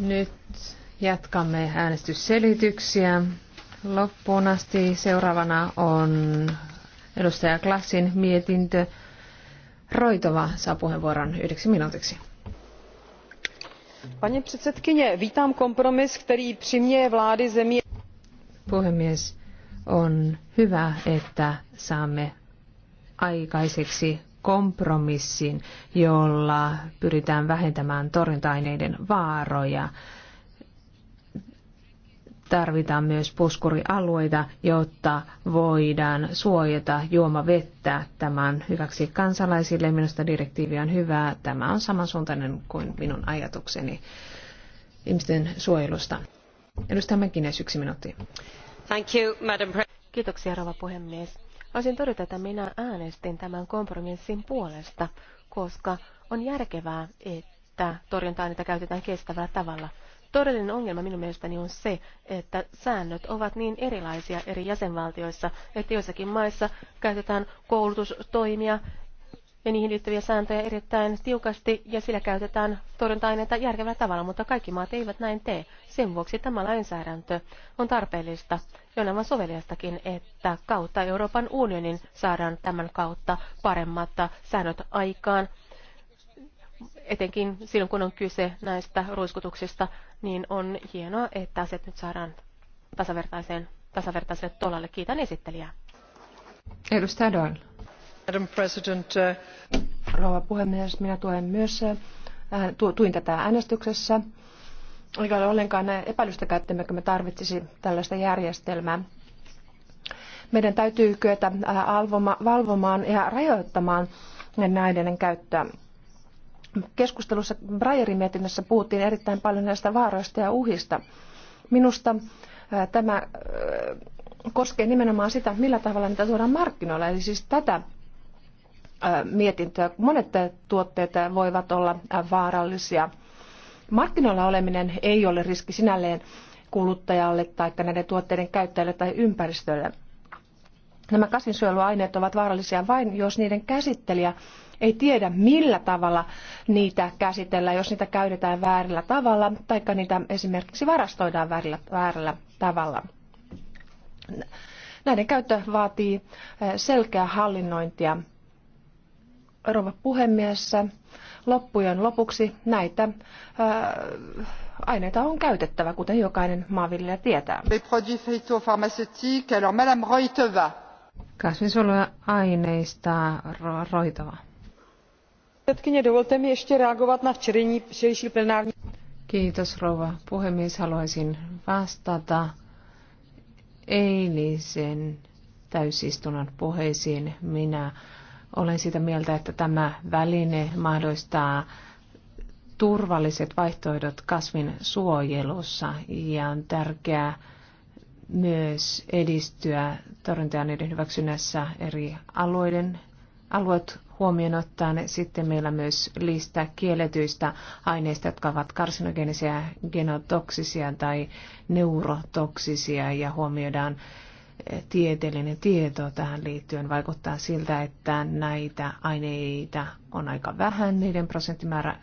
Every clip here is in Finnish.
Nyt jatkamme äänestysselityksiä. Loppuun asti seuraavana on edustaja Klassin mietintö. Roitova saa puheenvuoron yhdeksi minuutiksi. Pani předsedkyně, vítám kompromis, který přiměje vlády zemi. Puhemies, on hyvä, että saamme aikaiseksi kompromissin, jolla pyritään vähentämään torjunta-aineiden vaaroja. Tarvitaan myös puskurialueita, jotta voidaan suojata juomavettä. Tämä on hyväksi kansalaisille. Minusta direktiivi on hyvä. Tämä on samansuuntainen kuin minun ajatukseni ihmisten suojelusta. Edustaja Mäkinen, yksi minuutti. Thank you, Madam Kiitoksia, rouva puhemies Voisin todeta, että minä äänestin tämän kompromissin puolesta, koska on järkevää, että torjunta-aineita käytetään kestävällä tavalla. Todellinen ongelma minun mielestäni on se, että säännöt ovat niin erilaisia eri jäsenvaltioissa, että joissakin maissa käytetään koulutustoimia ja niihin liittyviä sääntöjä erittäin tiukasti ja sillä käytetään torjunta-aineita järkevällä tavalla, mutta kaikki maat eivät näin tee. Sen vuoksi tämä lainsäädäntö on tarpeellista ja on aivan soveliastakin, että kautta Euroopan unionin saadaan tämän kautta paremmat säännöt aikaan. Etenkin silloin, kun on kyse näistä ruiskutuksista, niin on hienoa, että asiat nyt saadaan tasavertaiseen, tasavertaiselle tolalle. Kiitän esittelijää. Edustaja Doyle arvoisa uh, Rouva puhemies, minä myös, uh, äh, tuin tätä äänestyksessä. Eikä ole ollenkaan uh, epäilystäkään, että me tarvitsisi tällaista järjestelmää. Meidän täytyy kyetä valvomaan ja rajoittamaan näiden käyttöä keskustelussa Breyerin mietinnössä puhuttiin erittäin paljon näistä vaaroista ja uhista. Minusta tämä koskee nimenomaan sitä, millä tavalla niitä tuodaan markkinoilla, eli siis tätä Äh, mietintöä. Monet äh, tuotteet äh, voivat olla vaarallisia. Markkinoilla oleminen ei ole riski sinälleen kuluttajalle tai näiden tuotteiden käyttäjälle tai ympäristölle. Nämä kasvinsuojeluaineet ovat vaarallisia vain, jos niiden käsittelijä ei tiedä, millä tavalla niitä käsitellään, jos niitä käytetään väärällä tavalla tai niitä esimerkiksi varastoidaan väärällä, väärällä tavalla. Näiden käyttö vaatii selkeää hallinnointia rouva puhemies, loppujen lopuksi näitä ää, äh, aineita on käytettävä, kuten jokainen maanviljelijä tietää. Kasvinsuojelun aineista roitava. Kiitos rouva puhemies. Haluaisin vastata eilisen täysistunnan puheisiin. Minä olen sitä mieltä, että tämä väline mahdollistaa turvalliset vaihtoehdot kasvin suojelussa ja on tärkeää myös edistyä torjunta-aineiden hyväksynnässä eri alueiden alueet huomioon ottaen. Sitten meillä myös lista kielletyistä aineista, jotka ovat karsinogenisia, genotoksisia tai neurotoksisia ja huomioidaan tieteellinen tieto tähän liittyen vaikuttaa siltä, että näitä aineita on aika vähän, niiden prosenttimäärä,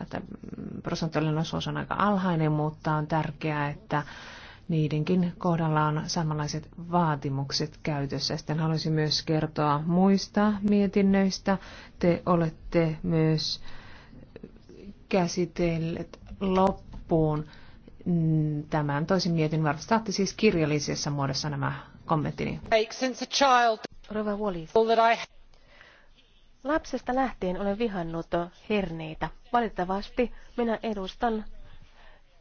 prosentuaalinen osuus on aika alhainen, mutta on tärkeää, että niidenkin kohdalla on samanlaiset vaatimukset käytössä. Sitten haluaisin myös kertoa muista mietinnöistä. Te olette myös käsitelleet loppuun tämän toisen mietin varmasti siis kirjallisessa muodossa nämä kommenttini. Wallis. Lapsesta lähtien olen vihannut herneitä. Valitettavasti minä edustan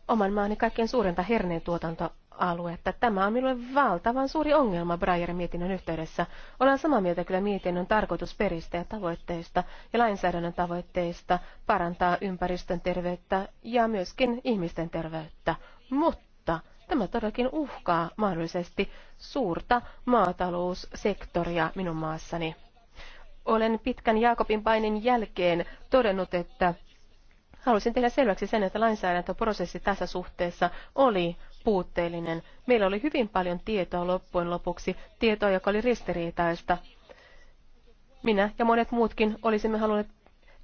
oman maani kaikkein suurinta herneentuotantoaluetta. Tämä on minulle valtavan suuri ongelma Breyerin mietinnön yhteydessä. Olen samaa mieltä kyllä mietinnön tarkoitusperistä ja tavoitteista ja lainsäädännön tavoitteista parantaa ympäristön terveyttä ja myöskin ihmisten terveyttä. Mutta Tämä todellakin uhkaa mahdollisesti suurta maataloussektoria minun maassani. Olen pitkän Jaakobin painin jälkeen todennut, että halusin tehdä selväksi sen, että lainsäädäntöprosessi tässä suhteessa oli puutteellinen. Meillä oli hyvin paljon tietoa loppujen lopuksi, tietoa, joka oli ristiriitaista. Minä ja monet muutkin olisimme halunneet,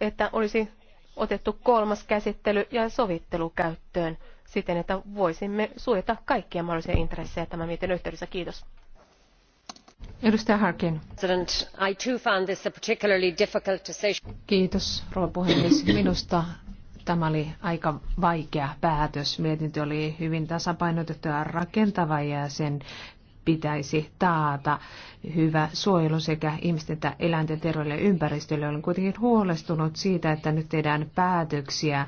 että olisi otettu kolmas käsittely ja sovittelu käyttöön siten, että voisimme suojata kaikkia mahdollisia intressejä tämän mietin yhteydessä. Kiitos. Edustaja Harkin. Kiitos, rouva puhemies. Minusta tämä oli aika vaikea päätös. Mietintö oli hyvin tasapainotettu ja rakentava ja sen pitäisi taata hyvä suojelu sekä ihmisten että eläinten terveelle ympäristölle. Olen kuitenkin huolestunut siitä, että nyt tehdään päätöksiä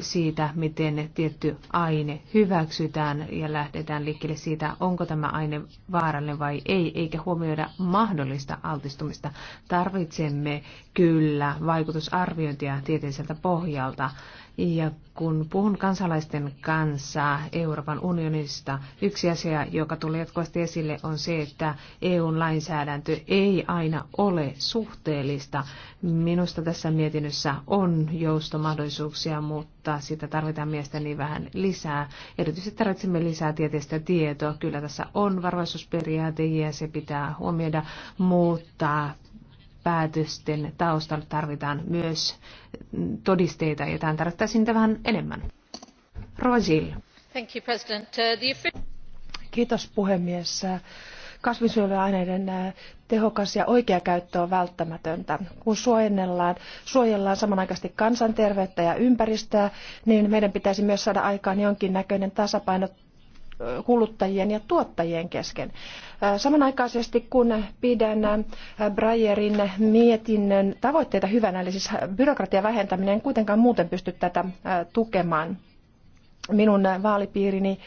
siitä, miten tietty aine hyväksytään ja lähdetään liikkeelle siitä, onko tämä aine vaarallinen vai ei, eikä huomioida mahdollista altistumista. Tarvitsemme kyllä vaikutusarviointia tieteelliseltä pohjalta. Ja kun puhun kansalaisten kanssa Euroopan unionista, yksi asia, joka tulee jatkuvasti esille, on se, että EUn lainsäädäntö ei aina ole suhteellista. Minusta tässä mietinnössä on joustomahdollisuuksia, mutta sitä tarvitaan mielestäni vähän lisää. Erityisesti tarvitsemme lisää tieteistä tietoa. Kyllä tässä on varoisuusperiaate ja se pitää huomioida, mutta päätösten taustalla tarvitaan myös todisteita, ja tämän tarvittaisiin vähän enemmän. Rosil. Thank you, President. Uh, Kiitos puhemies. Kasvinsuojeluaineiden uh, tehokas ja oikea käyttö on välttämätöntä. Kun suojellaan, suojellaan samanaikaisesti kansanterveyttä ja ympäristöä, niin meidän pitäisi myös saada aikaan jonkinnäköinen tasapaino kuluttajien ja tuottajien kesken. Samanaikaisesti kun pidän Breyerin mietinnön tavoitteita hyvänä, eli siis byrokratian vähentäminen, en kuitenkaan muuten pysty tätä tukemaan. Minun vaalipiirini,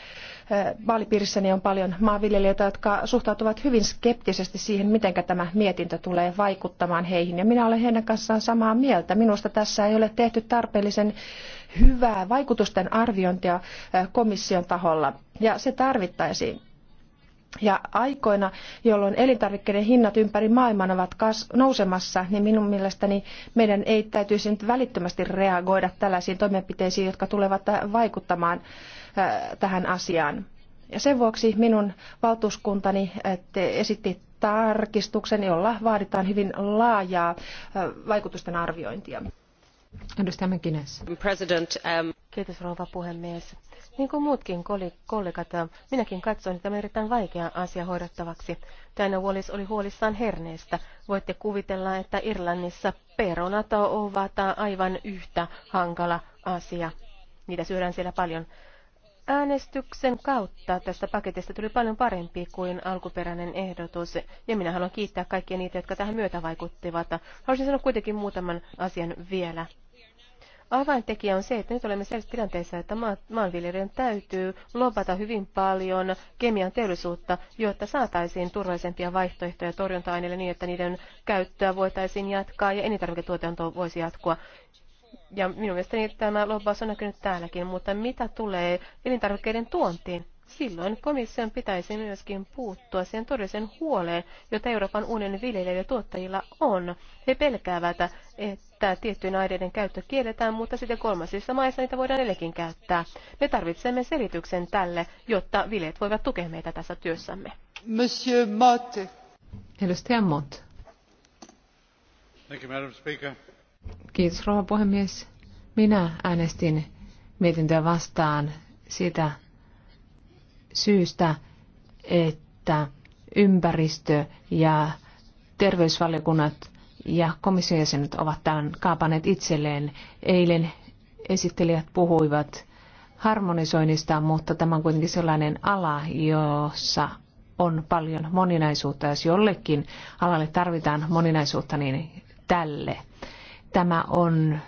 vaalipiirissäni on paljon maanviljelijöitä, jotka suhtautuvat hyvin skeptisesti siihen, miten tämä mietintö tulee vaikuttamaan heihin. Ja minä olen heidän kanssaan samaa mieltä. Minusta tässä ei ole tehty tarpeellisen hyvää vaikutusten arviointia komission taholla ja se tarvittaisiin. Ja aikoina, jolloin elintarvikkeiden hinnat ympäri maailman ovat nousemassa, niin minun mielestäni meidän ei täytyisi nyt välittömästi reagoida tällaisiin toimenpiteisiin, jotka tulevat äh, vaikuttamaan äh, tähän asiaan. Ja sen vuoksi minun valtuuskuntani äh, esitti tarkistuksen, jolla vaaditaan hyvin laajaa vaikutusten arviointia arvoisa um, puhemies. Niin kuin muutkin kollegat, uh, minäkin katsoin, että tämä on erittäin vaikea asia hoidettavaksi. diana Wallis oli huolissaan herneestä. Voitte kuvitella, että Irlannissa perunat ovat aivan yhtä hankala asia. Niitä syödään siellä paljon. Äänestyksen kautta tästä paketista tuli paljon parempi kuin alkuperäinen ehdotus, ja minä haluan kiittää kaikkia niitä, jotka tähän myötä vaikuttivat. Haluaisin sanoa kuitenkin muutaman asian vielä. Avaintekijä on se, että nyt olemme sellaisessa tilanteessa, että maanviljelijöiden täytyy lobata hyvin paljon kemian teollisuutta, jotta saataisiin turvallisempia vaihtoehtoja torjunta-aineille niin, että niiden käyttöä voitaisiin jatkaa ja elintarviketuotanto voisi jatkua. Ja minun mielestäni tämä lobbaus on näkynyt täälläkin, mutta mitä tulee elintarvikkeiden tuontiin? Silloin komission pitäisi myöskin puuttua siihen todelliseen huoleen, jota Euroopan unionin viljelijöillä ja tuottajilla on. He pelkäävät, että tiettyjen aineiden käyttö kielletään, mutta sitten kolmansissa maissa niitä voidaan edelleenkin käyttää. Me tarvitsemme selityksen tälle, jotta viljelijät voivat tukea meitä tässä työssämme. Monsieur Motte. Edustaja Mott. Thank you, Madam Speaker. Kiitos, rouva puhemies. Minä äänestin mietintöä vastaan sitä syystä, että ympäristö ja terveysvaliokunnat ja komission jäsenet ovat tämän kaapaneet itselleen. Eilen esittelijät puhuivat harmonisoinnista, mutta tämä on kuitenkin sellainen ala, jossa on paljon moninaisuutta. Jos jollekin alalle tarvitaan moninaisuutta, niin tälle. Tämä on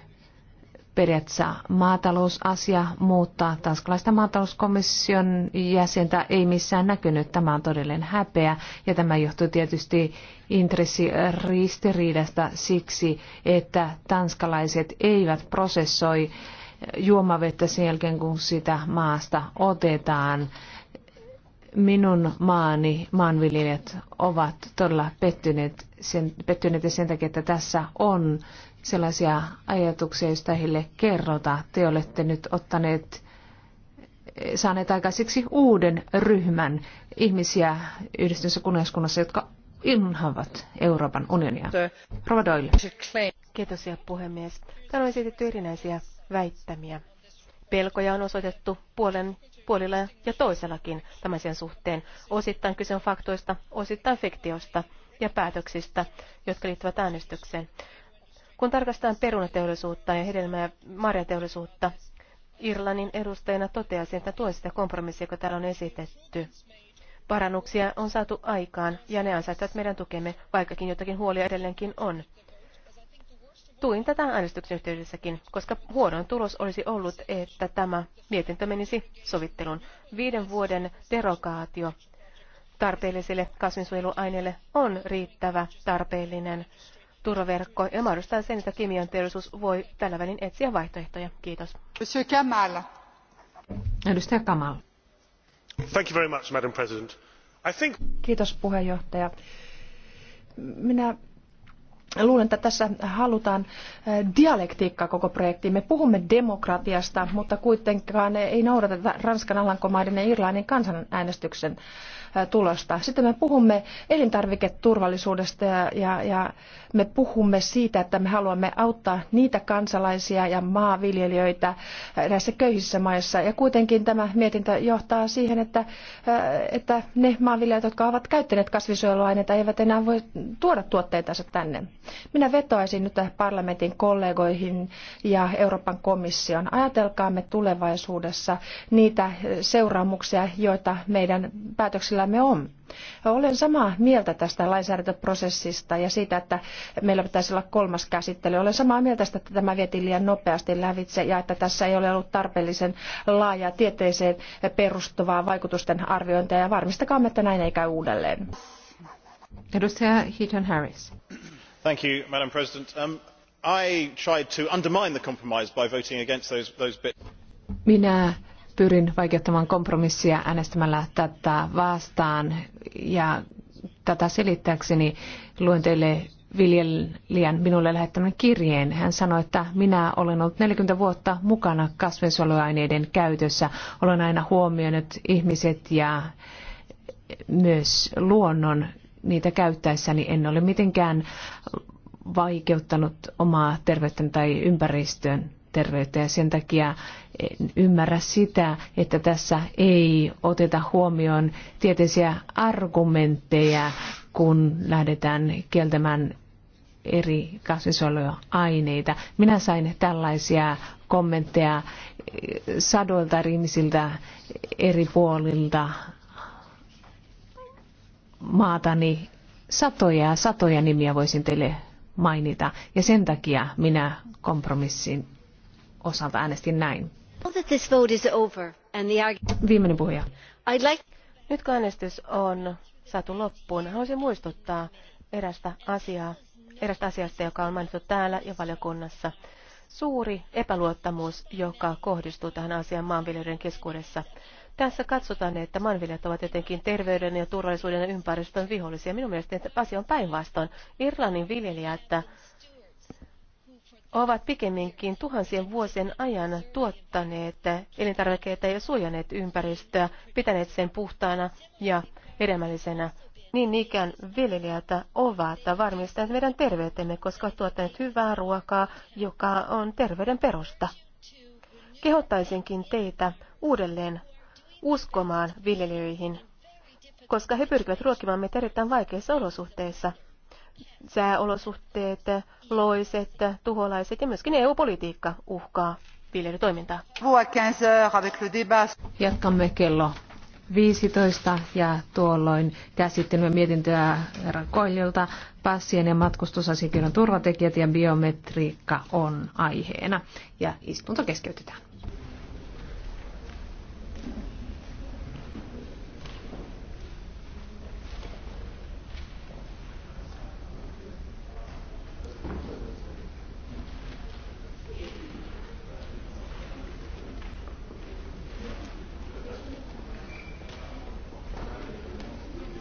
periaatteessa maatalousasia, mutta tanskalaista maatalouskomission jäsentä ei missään näkynyt. Tämä on todellinen häpeä ja tämä johtuu tietysti intressiristiriidasta siksi, että tanskalaiset eivät prosessoi juomavettä sen jälkeen, kun sitä maasta otetaan. Minun maani maanviljelijät ovat todella pettyneet sen, pettyneitä sen takia, että tässä on sellaisia ajatuksia, joista heille kerrota. Te olette nyt ottaneet, saaneet aikaiseksi uuden ryhmän ihmisiä yhdistyneessä kuningaskunnassa, jotka inhoavat Euroopan unionia. Rova Doyle. Kiitos, puhemies. Täällä on esitetty erinäisiä väittämiä. Pelkoja on osoitettu puolen, puolilla ja toisellakin tämän sen suhteen. Osittain kyse on faktoista, osittain fiktiosta ja päätöksistä, jotka liittyvät äänestykseen. Kun tarkastetaan perunateollisuutta ja hedelmää ja marjateollisuutta, Irlannin edustajana toteaisin, että tuen sitä kompromissia, joka täällä on esitetty. Parannuksia on saatu aikaan ja ne ansaitsevat meidän tukemme, vaikkakin jotakin huolia edelleenkin on. Tuin tätä äänestyksen yhteydessäkin, koska huonoin tulos olisi ollut, että tämä mietintö menisi sovitteluun. Viiden vuoden derogaatio tarpeellisille kasvinsuojeluaineille on riittävä tarpeellinen turvaverkko ja mahdollistaa sen, että kemian teollisuus voi tällä välin etsiä vaihtoehtoja. Kiitos. Edustaja Kamal. Thank you very much, Madam President. I think... Kiitos puheenjohtaja. Minä Luulen, että tässä halutaan eh, dialektiikkaa koko projektiin. Me puhumme demokratiasta, mutta kuitenkaan ei noudateta Ranskan, Alankomaiden ja Irlannin kansanäänestyksen tulosta. Sitten me puhumme elintarviketurvallisuudesta ja, ja, ja me puhumme siitä, että me haluamme auttaa niitä kansalaisia ja maanviljelijöitä näissä köyhissä maissa. Ja kuitenkin tämä mietintö johtaa siihen, että, että ne maanviljelijät, jotka ovat käyttäneet kasvisuojeluaineita, eivät enää voi tuoda tuotteitansa tänne. Minä vetoaisin nyt parlamentin kollegoihin ja Euroopan komission. Ajatelkaamme tulevaisuudessa niitä seuraamuksia, joita meidän päätöksillä me on. Olen samaa mieltä tästä lainsäädäntöprosessista ja siitä, että meillä pitäisi olla kolmas käsittely. Olen samaa mieltä siitä, että tämä vietiin liian nopeasti lävitse ja että tässä ei ole ollut tarpeellisen laajaa tieteeseen perustuvaa vaikutusten arviointia ja varmistakaa, että näin ei käy uudelleen. Edustaja Heaton Harris. Thank you, Madam President. Um, I tried to undermine the compromise by voting against those, those bits. Minä pyrin vaikeuttamaan kompromissia äänestämällä tätä vastaan ja tätä selittääkseni luen teille viljelijän minulle lähettämän kirjeen. Hän sanoi, että minä olen ollut 40 vuotta mukana kasvinsuojeluaineiden käytössä. Olen aina huomioinut ihmiset ja myös luonnon niitä käyttäessäni. En ole mitenkään vaikeuttanut omaa terveyttäni tai ympäristöön mielenterveyttä ja sen takia en ymmärrä sitä, että tässä ei oteta huomioon tieteisiä argumentteja, kun lähdetään kieltämään eri aineita. Minä sain tällaisia kommentteja sadoilta eri eri puolilta maatani satoja ja satoja nimiä voisin teille mainita. Ja sen takia minä kompromissin osalta äänestin näin. Viimeinen puhuja. Nyt kun äänestys on saatu loppuun, haluaisin muistuttaa erästä asiaa, erästä asiasta, joka on mainittu täällä ja valiokunnassa. Suuri epäluottamus, joka kohdistuu tähän asiaan maanviljelijöiden keskuudessa. Tässä katsotaan, että maanviljelijät ovat jotenkin terveyden ja turvallisuuden ja ympäristön vihollisia. Minun mielestäni asia on päinvastoin. Irlannin viljelijät ovat pikemminkin tuhansien vuosien ajan tuottaneet elintarvikkeita ja suojaneet ympäristöä, pitäneet sen puhtaana ja hedelmällisenä. Niin ikään viljelijät ovat varmistaneet meidän terveytemme, koska ovat tuottaneet hyvää ruokaa, joka on terveyden perusta. Kehottaisinkin teitä uudelleen uskomaan viljelijöihin, koska he pyrkivät ruokimaan meitä erittäin vaikeissa olosuhteissa sääolosuhteet, loiset, tuholaiset ja myöskin EU-politiikka uhkaa viljelytoimintaa. Jatkamme kello 15 ja tuolloin käsittelemme mietintöä Koililta. Passien ja matkustusasiakirjan turvatekijät ja biometriikka on aiheena ja istunto keskeytetään.